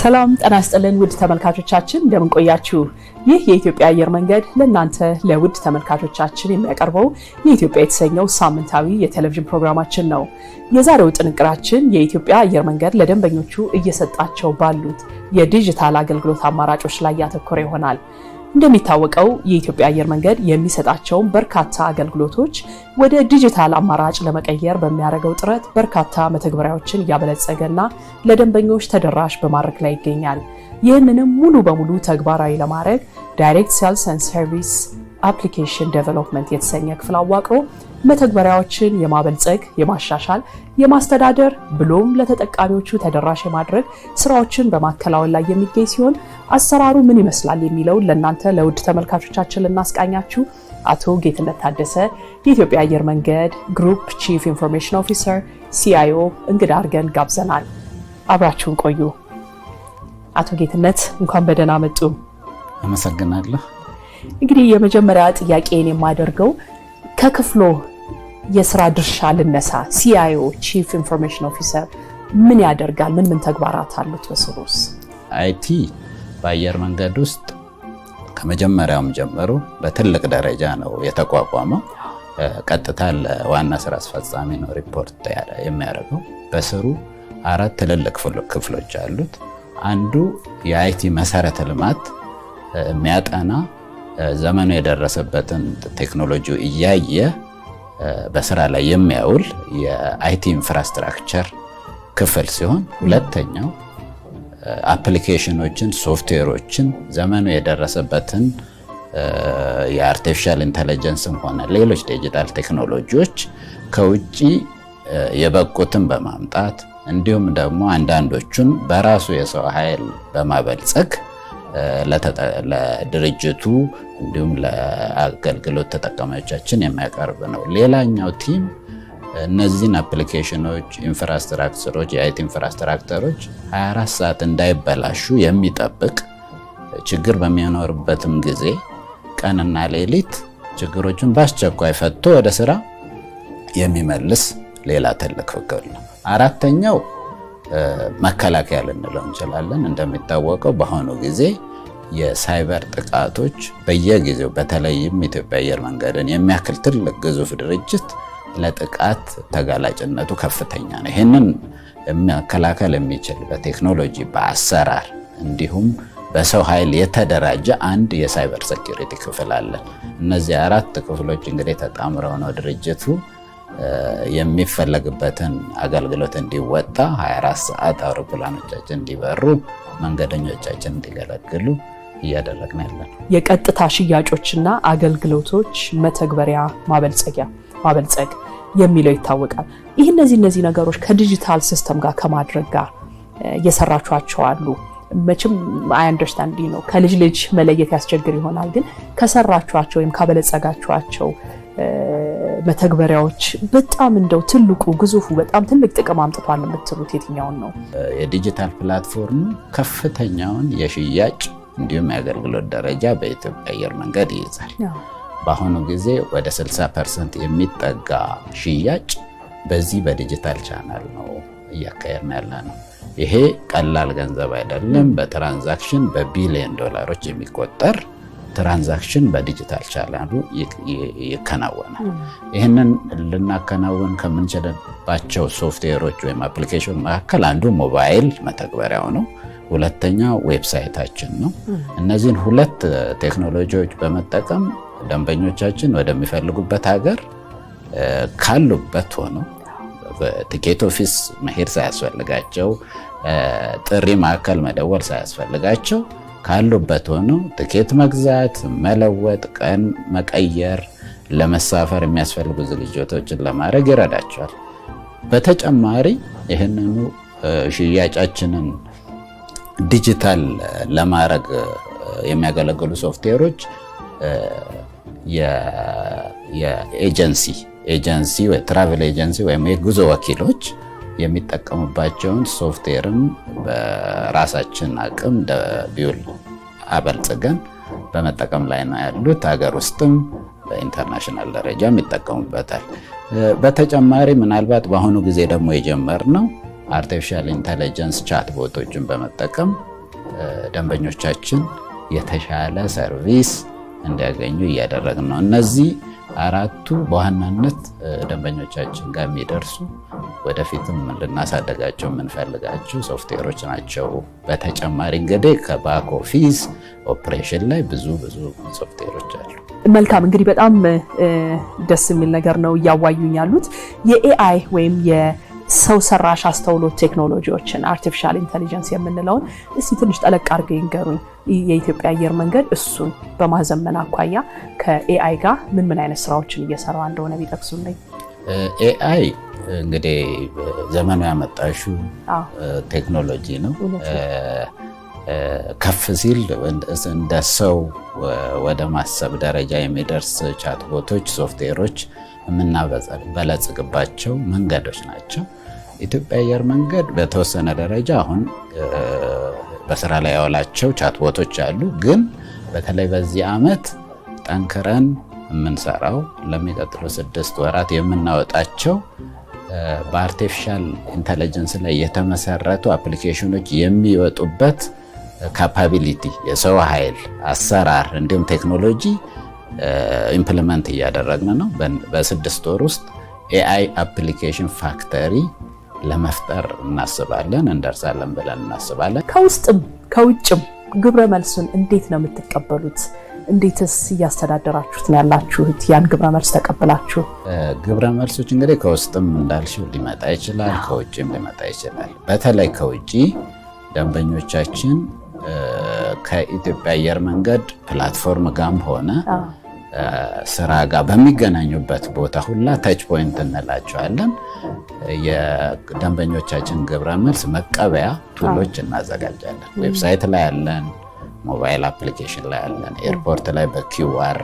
ሰላም ጤና ይስጥልን ውድ ተመልካቾቻችን እንደምን ቆያችሁ? ይህ የኢትዮጵያ አየር መንገድ ለእናንተ ለውድ ተመልካቾቻችን የሚያቀርበው የኢትዮጵያ የተሰኘው ሳምንታዊ የቴሌቪዥን ፕሮግራማችን ነው። የዛሬው ጥንቅራችን የኢትዮጵያ አየር መንገድ ለደንበኞቹ እየሰጣቸው ባሉት የዲጂታል አገልግሎት አማራጮች ላይ ያተኮረ ይሆናል። እንደሚታወቀው የኢትዮጵያ አየር መንገድ የሚሰጣቸውን በርካታ አገልግሎቶች ወደ ዲጂታል አማራጭ ለመቀየር በሚያደርገው ጥረት በርካታ መተግበሪያዎችን እያበለጸገና ለደንበኞች ተደራሽ በማድረግ ላይ ይገኛል። ይህንንም ሙሉ በሙሉ ተግባራዊ ለማድረግ ዳይሬክት ሴልስ ኤንድ ሰርቪስ አፕሊኬሽን ዴቨሎፕመንት የተሰኘ ክፍል አዋቅሮ መተግበሪያዎችን የማበልጸግ፣ የማሻሻል፣ የማስተዳደር ብሎም ለተጠቃሚዎቹ ተደራሽ የማድረግ ስራዎችን በማከናወን ላይ የሚገኝ ሲሆን አሰራሩ ምን ይመስላል የሚለውን ለእናንተ ለውድ ተመልካቾቻችን ልናስቃኛችሁ አቶ ጌትነት ታደሰ የኢትዮጵያ አየር መንገድ ግሩፕ ቺፍ ኢንፎርሜሽን ኦፊሰር ሲአይኦ እንግዳ አድርገን ጋብዘናል። አብራችሁን ቆዩ። አቶ ጌትነት እንኳን በደህና መጡ። አመሰግናለሁ። እንግዲህ የመጀመሪያ ጥያቄን የማደርገው ከክፍሎ የስራ ድርሻ ልነሳ፣ ሲአይኦ ቺፍ ኢንፎርሜሽን ኦፊሰር ምን ያደርጋል? ምን ምን ተግባራት አሉት በስሩ ውስጥ? አይቲ በአየር መንገድ ውስጥ ከመጀመሪያውም ጀምሮ በትልቅ ደረጃ ነው የተቋቋመው። ቀጥታ ለዋና ስራ አስፈጻሚ ነው ሪፖርት የሚያደርገው። በስሩ አራት ትልልቅ ክፍሎች አሉት። አንዱ የአይቲ መሰረተ ልማት የሚያጠና ዘመኑ የደረሰበትን ቴክኖሎጂ እያየ በስራ ላይ የሚያውል የአይቲ ኢንፍራስትራክቸር ክፍል ሲሆን ሁለተኛው አፕሊኬሽኖችን፣ ሶፍትዌሮችን ዘመኑ የደረሰበትን የአርቲፊሻል ኢንተለጀንስ ሆነ ሌሎች ዲጂታል ቴክኖሎጂዎች ከውጭ የበቁትን በማምጣት እንዲሁም ደግሞ አንዳንዶቹን በራሱ የሰው ኃይል በማበልጸግ ለድርጅቱ እንዲሁም ለአገልግሎት ተጠቃሚዎቻችን የሚያቀርብ ነው። ሌላኛው ቲም እነዚህን አፕሊኬሽኖች፣ ኢንፍራስትራክቸሮች፣ የአይቲ ኢንፍራስትራክቸሮች 24 ሰዓት እንዳይበላሹ የሚጠብቅ ችግር በሚኖርበትም ጊዜ ቀንና ሌሊት ችግሮችን በአስቸኳይ ፈቶ ወደ ስራ የሚመልስ ሌላ ትልቅ ፍቅር ነው። አራተኛው መከላከያ ልንለው እንችላለን። እንደሚታወቀው በአሁኑ ጊዜ የሳይበር ጥቃቶች በየጊዜው በተለይም ኢትዮጵያ አየር መንገድን የሚያክል ትልቅ ግዙፍ ድርጅት ለጥቃት ተጋላጭነቱ ከፍተኛ ነው። ይህንን መከላከል የሚችል በቴክኖሎጂ በአሰራር እንዲሁም በሰው ኃይል የተደራጀ አንድ የሳይበር ሴኪሪቲ ክፍል አለ። እነዚህ አራት ክፍሎች እንግዲህ ተጣምረው ነው ድርጅቱ የሚፈለግበትን አገልግሎት እንዲወጣ 24 ሰዓት አውሮፕላኖቻችን እንዲበሩ መንገደኞቻችን እንዲገለግሉ እያደረግን ያለ ነው። የቀጥታ ሽያጮችና አገልግሎቶች መተግበሪያ ማበልጸጊያ ማበልጸግ የሚለው ይታወቃል። ይህ እነዚህ እነዚህ ነገሮች ከዲጂታል ሲስተም ጋር ከማድረግ ጋር እየሰራችኋቸው አሉ። መቼም አይ አንደርስታንድ ነው ከልጅ ልጅ መለየት ያስቸግር ይሆናል። ግን ከሰራችኋቸው ወይም ካበለጸጋችኋቸው መተግበሪያዎች በጣም እንደው ትልቁ ግዙፉ በጣም ትልቅ ጥቅም አምጥቷል የምትሉት የትኛውን ነው? የዲጂታል ፕላትፎርም ከፍተኛውን የሽያጭ እንዲሁም የአገልግሎት ደረጃ በኢትዮጵያ አየር መንገድ ይይዛል። በአሁኑ ጊዜ ወደ 60 ፐርሰንት የሚጠጋ ሽያጭ በዚህ በዲጂታል ቻናል ነው እያካሄድን ያለ ነው። ይሄ ቀላል ገንዘብ አይደለም። በትራንዛክሽን በቢሊዮን ዶላሮች የሚቆጠር ትራንዛክሽን በዲጂታል ቻናሉ ይከናወናል። ይህንን ልናከናውን ከምንችልባቸው ሶፍትዌሮች ወይም አፕሊኬሽን መካከል አንዱ ሞባይል መተግበሪያው ነው። ሁለተኛ ዌብሳይታችን ነው። እነዚህን ሁለት ቴክኖሎጂዎች በመጠቀም ደንበኞቻችን ወደሚፈልጉበት ሀገር ካሉበት ሆነው ትኬት ኦፊስ መሄድ ሳያስፈልጋቸው፣ ጥሪ ማዕከል መደወል ሳያስፈልጋቸው ካሉበት ሆኖ ትኬት መግዛት፣ መለወጥ፣ ቀን መቀየር፣ ለመሳፈር የሚያስፈልጉ ዝግጅቶችን ለማድረግ ይረዳቸዋል። በተጨማሪ ይህንኑ ሽያጫችንን ዲጂታል ለማድረግ የሚያገለግሉ ሶፍትዌሮች የኤጀንሲ ኤጀንሲ ትራቨል ኤጀንሲ ወይም የጉዞ ወኪሎች የሚጠቀሙባቸውን ሶፍትዌርም በራሳችን አቅም ቢውል አበልጽገን በመጠቀም ላይ ነው ያሉት። ሀገር ውስጥም በኢንተርናሽናል ደረጃም ይጠቀሙበታል። በተጨማሪ ምናልባት በአሁኑ ጊዜ ደግሞ የጀመርነው አርቲፊሻል ኢንተለጀንስ ቻት ቦቶችን በመጠቀም ደንበኞቻችን የተሻለ ሰርቪስ እንዲያገኙ እያደረግን ነው እነዚህ አራቱ በዋናነት ደንበኞቻችን ጋር የሚደርሱ ወደፊትም ልናሳደጋቸው የምንፈልጋቸው ሶፍትዌሮች ናቸው። በተጨማሪ እንግዲህ ከባክ ኦፊስ ኦፕሬሽን ላይ ብዙ ብዙ ሶፍትዌሮች አሉ። መልካም እንግዲህ በጣም ደስ የሚል ነገር ነው እያዋዩኝ ያሉት የኤአይ ወይም ሰው ሰራሽ አስተውሎት ቴክኖሎጂዎችን አርቲፊሻል ኢንቴሊጀንስ የምንለውን እስቲ ትንሽ ጠለቅ አድርገው ይንገሩኝ። የኢትዮጵያ አየር መንገድ እሱን በማዘመን አኳያ ከኤአይ ጋር ምን ምን አይነት ስራዎችን እየሰራ እንደሆነ ቢጠቅሱልኝ። ኤአይ እንግዲህ ዘመኑ ያመጣሹ ቴክኖሎጂ ነው። ከፍ ሲል እንደ ሰው ወደ ማሰብ ደረጃ የሚደርስ ቻትቦቶች፣ ሶፍትዌሮች የምናበለጽግባቸው መንገዶች ናቸው። ኢትዮጵያ አየር መንገድ በተወሰነ ደረጃ አሁን በስራ ላይ ያዋላቸው ቻትቦቶች አሉ። ግን በተለይ በዚህ ዓመት ጠንክረን የምንሰራው ለሚቀጥሉ ስድስት ወራት የምናወጣቸው በአርቲፊሻል ኢንተለጀንስ ላይ የተመሰረቱ አፕሊኬሽኖች የሚወጡበት ካፓቢሊቲ የሰው ኃይል አሰራር እንዲሁም ቴክኖሎጂ ኢምፕሊመንት uh, እያደረግን ነው። በስድስት ወር ውስጥ ኤአይ አፕሊኬሽን ፋክተሪ ለመፍጠር እናስባለን፣ እንደርሳለን ብለን እናስባለን። ከውስጥም ከውጭም ግብረ መልሱን እንዴት ነው የምትቀበሉት? እንዴትስ እያስተዳደራችሁት ነው ያላችሁት? ያን ግብረ መልስ ተቀብላችሁ uh, ግብረ መልሶች እንግዲህ ከውስጥም እንዳልሽው ሊመጣ ይችላል፣ ከውጭም ሊመጣ ይችላል። በተለይ ከውጭ ደንበኞቻችን uh, ከኢትዮጵያ አየር መንገድ ፕላትፎርም ጋርም ሆነ ስራ ጋር በሚገናኙበት ቦታ ሁላ ታች ፖይንት እንላቸዋለን። የደንበኞቻችን ግብረ መልስ መቀበያ ቱሎች እናዘጋጃለን። ዌብሳይት ላይ ያለን፣ ሞባይል አፕሊኬሽን ላይ ያለን፣ ኤርፖርት ላይ በኪዋር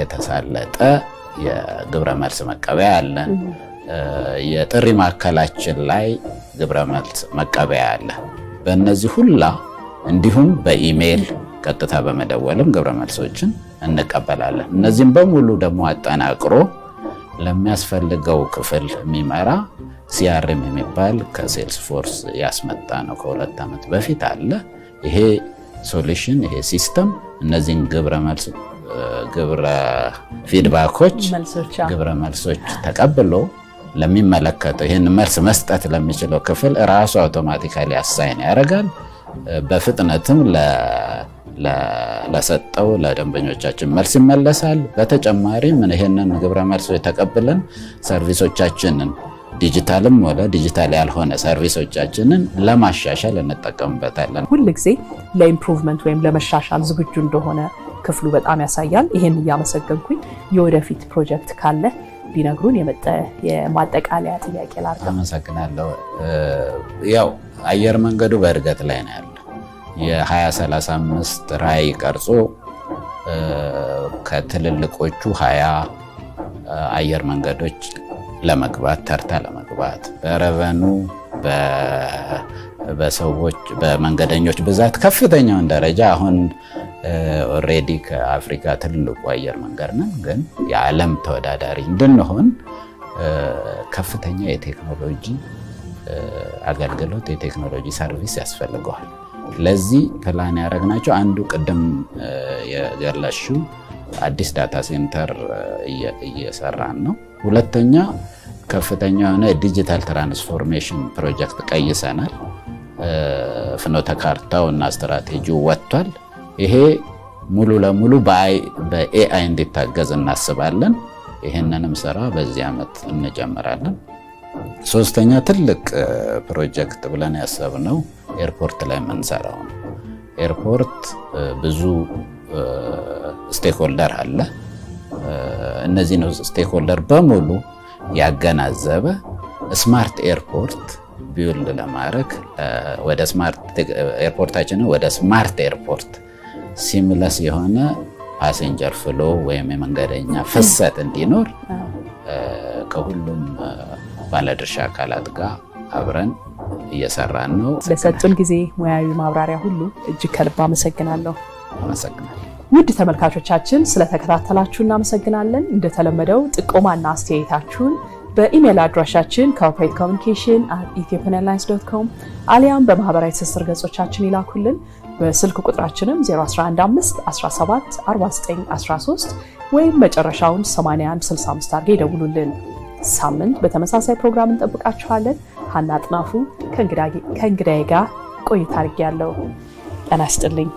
የተሳለጠ የግብረ መልስ መቀበያ አለን። የጥሪ ማዕከላችን ላይ ግብረ መልስ መቀበያ አለ። በእነዚህ ሁላ እንዲሁም በኢሜይል ቀጥታ በመደወልም ግብረ መልሶችን እንቀበላለን። እነዚህም በሙሉ ደግሞ አጠናቅሮ ለሚያስፈልገው ክፍል የሚመራ ሲያርም የሚባል ከሴልስ ፎርስ ያስመጣ ነው። ከሁለት ዓመት በፊት አለ ይሄ ሶሉሽን ይሄ ሲስተም እነዚህን ግብረ መልስ ግብረ ፊድባኮች ግብረ መልሶች ተቀብሎ ለሚመለከተው ይህን መልስ መስጠት ለሚችለው ክፍል ራሱ አውቶማቲካሊ አሳይን ያደርጋል። በፍጥነትም ለሰጠው ለደንበኞቻችን መልስ ይመለሳል። በተጨማሪም ይህንን ግብረ መልሶ የተቀብለን ሰርቪሶቻችንን ዲጂታልም ሆነ ዲጂታል ያልሆነ ሰርቪሶቻችንን ለማሻሻል እንጠቀምበታለን። ጊዜ ለኢምፕሩቭመንት ወይም ለመሻሻል ዝግጁ እንደሆነ ክፍሉ በጣም ያሳያል። ይህን እያመሰገንኩኝ የወደፊት ፕሮጀክት ካለ ቢነግሩን የማጠቃለያ ጥያቄ ላርገ አመሰግናለሁ። ያው አየር መንገዱ በእድገት ላይ ነው ያለው የ2035 ራዕይ ቀርጾ ከትልልቆቹ ሀያ አየር መንገዶች ለመግባት ተርታ ለመግባት በረቨኑ በሰዎች በመንገደኞች ብዛት ከፍተኛውን ደረጃ አሁን ኦሬዲ ከአፍሪካ ትልልቁ አየር መንገድ ነን። ግን የዓለም ተወዳዳሪ እንድንሆን ከፍተኛ የቴክኖሎጂ አገልግሎት የቴክኖሎጂ ሰርቪስ ያስፈልገዋል። ለዚህ ፕላን ያደረግናቸው አንዱ ቅድም የገለሽው አዲስ ዳታ ሴንተር እየሰራን ነው። ሁለተኛ ከፍተኛ የሆነ ዲጂታል ትራንስፎርሜሽን ፕሮጀክት ቀይሰናል። ፍኖተ ካርታው እና ስትራቴጂው ወጥቷል። ይሄ ሙሉ ለሙሉ በኤአይ እንዲታገዝ እናስባለን። ይህንንም ስራ በዚህ ዓመት እንጀምራለን። ሶስተኛ ትልቅ ፕሮጀክት ብለን ያሰብነው ኤርፖርት ላይ የምንሰራው ነው። ኤርፖርት ብዙ ስቴክሆልደር አለ። እነዚህ ነው ስቴክሆልደር በሙሉ ያገናዘበ ስማርት ኤርፖርት ቢውልድ ለማድረግ ወደ ስማርት ኤርፖርታችን ወደ ስማርት ኤርፖርት ሲምለስ የሆነ ፓሴንጀር ፍሎ ወይም የመንገደኛ ፍሰት እንዲኖር ከሁሉም ባለድርሻ አካላት ጋር አብረን እየሰራን ነው። ለሰጡን ጊዜ ሙያዊ ማብራሪያ ሁሉ እጅግ ከልብ አመሰግናለሁ። አመሰግናለሁ። ውድ ተመልካቾቻችን ስለተከታተላችሁ እናመሰግናለን። እንደተለመደው ጥቆማና አስተያየታችሁን በኢሜይል አድራሻችን ኮርፖሬት ኮሚኒኬሽን አት ኢትዮጵያን ኤርላይንስ ዶት ኮም አሊያም በማህበራዊ ትስስር ገጾቻችን ይላኩልን። በስልክ ቁጥራችንም 13 ወይም መጨረሻውን 8165 አድርገው ይደውሉልን። ሳምንት በተመሳሳይ ፕሮግራም እንጠብቃችኋለን። ሀና አጥናፉ ከእንግዳዬ ጋር ቆይታ አድርጌያለሁ። ጤና ይስጥልኝ።